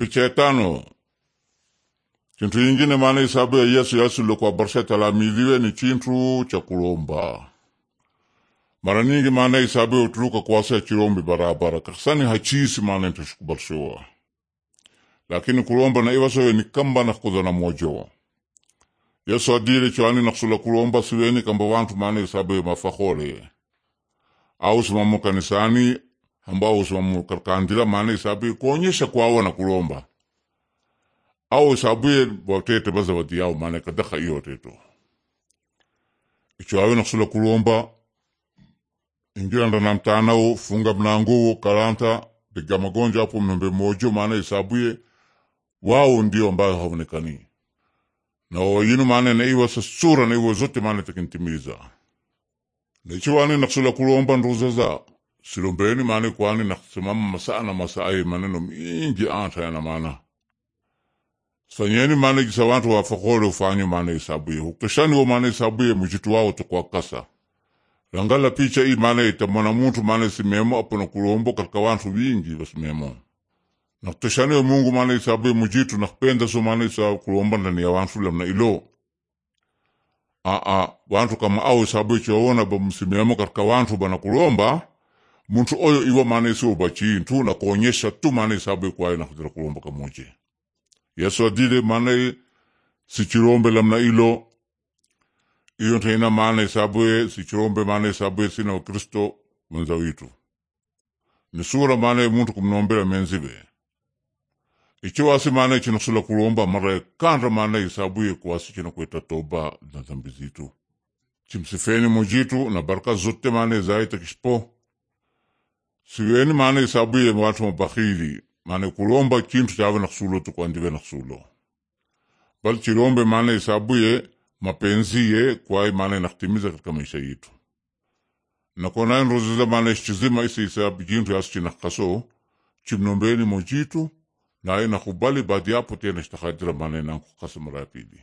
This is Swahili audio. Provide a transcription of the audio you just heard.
picheetano chintu yingine maana isabu ya yesu yasilokuwa barisha talamiliwe ni chintu cha kulomba mara nyingi maana isabu ya utuluka kuwasa chirombi barabara kasani hachisi maana intashukubarishiwa lakini kulomba na iwasowe ni kamba na kuza na mojo yesu adire chwani nakusula kulomba siweni kamba wantu maana isabu ya mafahole au simamu kanisani ambao usimamu katika andila maana isabuye kuonyesha kwawa na kulomba au isabuye watete baza yao maana kadaka iyo teto icho awe kusula kulomba ingilanda na mtanao funga mnanguo kalanta diga magonjwa hapo mnombe mojo maana isabuye wao ndio ambao haonekani na wayinu maana na iwa sura na iwa zote maana takintimiza na nakusula kulomba nruzaza silombeni mane kwani nakusimama masaa na masaa maneno mingi antayana mana sanyeni mane gisa wantu wafakole ufanye mane isabuye ukeshani wo mane mjitu wawo tukwa kasa langala picha i mane itamona muntu mane simemo na kulombo katika wantu wingi basimemo nakuteshani wa mungu mane isabuye mujitu nakupenda so mane isa kulomba ndani ya wantu mna ilo a a wantu kama au isabu ya isabuye choona bamusimemo katika wantu na kulomba muntu oyo iwa manesi na kuonyesha tu manesi abe na nakutira kulomba kamoje yesu adile mane sichirombe lamna ilo iyo ntaina maana isabue sichirombe maana isabue sina wa kristo mwenza witu ni sura maana muntu kumnombela menzibe wasi ichiwasi chino sula kulomba mara kandra kanda kwa si chino kweta toba na dhambi zitu chimsifeni mujitu na baraka zote maana zaita kishpo siweni maana isabue watu mabakhili maana kulomba kintu chave na khusulo tukwandive na kusulo bali chilombe maana isabuye mapenziye kwaye maana inakutimiza katika maisha yitu nakonae nrozeza maana ischizima isi isabu kintu yasi kaso chimnombeni mojitu naye nakubali baadi yapo tena shtakhatira maana inankukasa maratidi